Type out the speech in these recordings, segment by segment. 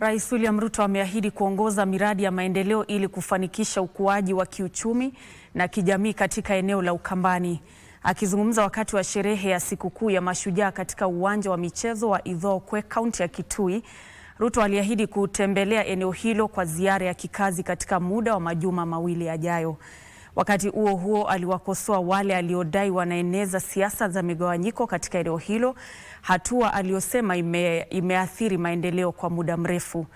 Rais William Ruto ameahidi kuongoza miradi ya maendeleo ili kufanikisha ukuaji wa kiuchumi na kijamii katika eneo la Ukambani. Akizungumza wakati wa sherehe ya sikukuu ya Mashujaa katika uwanja wa michezo wa Ithookwe, kaunti ya Kitui, Ruto aliahidi kutembelea eneo hilo kwa ziara ya kikazi katika muda wa majuma mawili yajayo. Wakati huo huo, aliwakosoa wale aliodai wanaeneza siasa za migawanyiko katika eneo hilo, hatua aliyosema ime, imeathiri maendeleo kwa muda mrefu.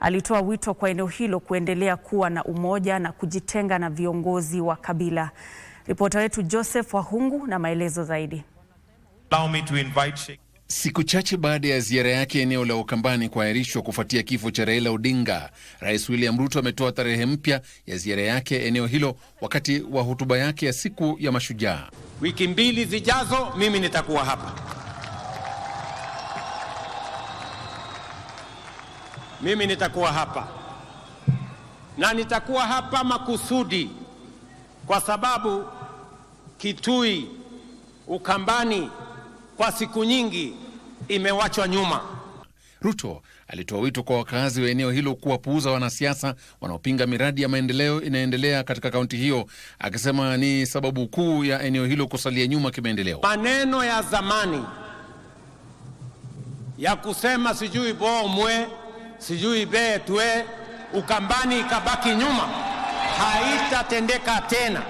Alitoa wito kwa eneo hilo kuendelea kuwa na umoja na kujitenga na viongozi wa kabila. Ripota wetu Joseph Wahungu na maelezo zaidi. Allow me to invite... Siku chache baada ya ziara yake eneo la Ukambani kuahirishwa kufuatia kifo cha Raila Odinga, Rais William Ruto ametoa tarehe mpya ya ziara yake eneo hilo wakati wa hotuba yake ya siku ya Mashujaa. Wiki mbili zijazo mimi nitakuwa hapa. Mimi nitakuwa hapa na nitakuwa hapa makusudi kwa sababu Kitui, Ukambani kwa siku nyingi imewachwa nyuma. Ruto alitoa wito kwa wakazi wa eneo hilo kuwapuuza wanasiasa wanaopinga miradi ya maendeleo inayoendelea katika kaunti hiyo, akisema ni sababu kuu ya eneo hilo kusalia nyuma kimaendeleo. Maneno ya zamani ya kusema sijui bomwe sijui betwe Ukambani ikabaki nyuma haitatendeka tena.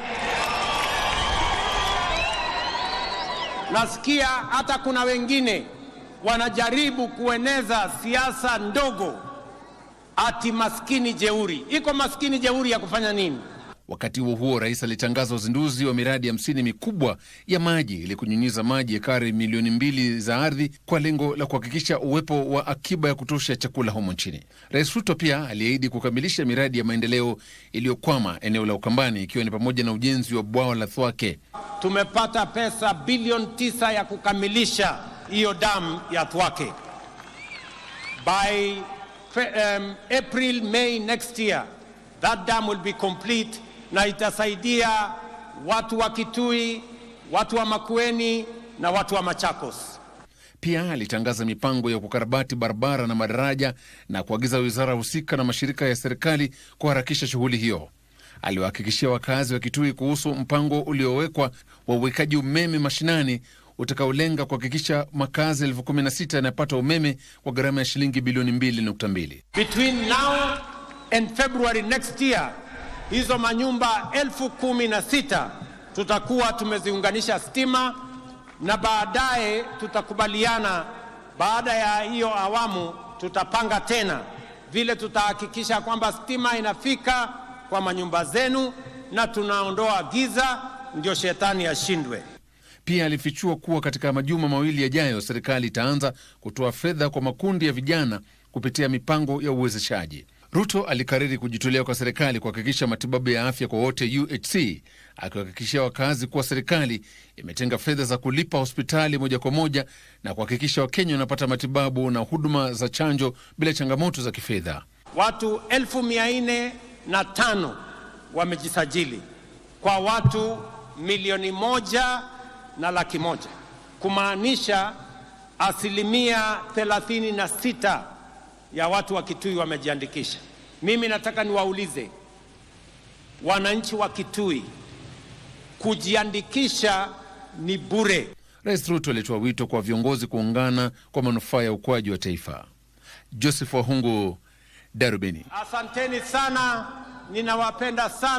Nasikia hata kuna wengine wanajaribu kueneza siasa ndogo ati maskini jeuri. Iko maskini jeuri ya kufanya nini? Wakati huo huo, rais alitangaza uzinduzi wa miradi hamsini mikubwa ya maji ili kunyunyiza maji ekari milioni mbili za ardhi kwa lengo la kuhakikisha uwepo wa akiba ya kutosha chakula humo nchini. Rais Ruto pia aliahidi kukamilisha miradi ya maendeleo iliyokwama eneo la Ukambani, ikiwa ni pamoja na ujenzi wa bwawa la Thwake. Tumepata pesa bilioni tisa ya kukamilisha hiyo damu ya Thwake by um, April May next year that dam will be complete na itasaidia watu wa Kitui, watu wa Makueni na watu wa Machakos. Pia alitangaza mipango ya kukarabati barabara na madaraja na kuagiza wizara husika na mashirika ya serikali kuharakisha shughuli hiyo. Aliwahakikishia wakazi wa Kitui kuhusu mpango uliowekwa wa uwekaji umeme mashinani utakaolenga kuhakikisha makazi elfu kumi na sita yanapata umeme kwa gharama ya shilingi bilioni 2.2 hizo manyumba elfu kumi na sita tutakuwa tumeziunganisha stima, na baadaye tutakubaliana, baada ya hiyo awamu tutapanga tena vile tutahakikisha kwamba stima inafika kwa manyumba zenu na tunaondoa giza, ndio shetani ashindwe. Pia alifichua kuwa katika majuma mawili yajayo serikali itaanza kutoa fedha kwa makundi ya vijana kupitia mipango ya uwezeshaji. Ruto alikariri kujitolea kwa serikali kuhakikisha matibabu ya afya kwa wote UHC, akiwahakikishia wakazi kuwa serikali imetenga fedha za kulipa hospitali moja kwa moja na kuhakikisha Wakenya wanapata matibabu na huduma za chanjo bila changamoto za kifedha. Watu elfu mia nne na tano wamejisajili kwa watu milioni moja na laki moja kumaanisha asilimia 36 ya watu wa Kitui wamejiandikisha. Mimi nataka niwaulize wananchi wa Kitui, kujiandikisha ni bure. Rais Ruto alitoa wito kwa viongozi kuungana kwa manufaa ya ukuaji wa taifa. Joseph Wahungu, Darubini. Asanteni sana, ninawapenda sana.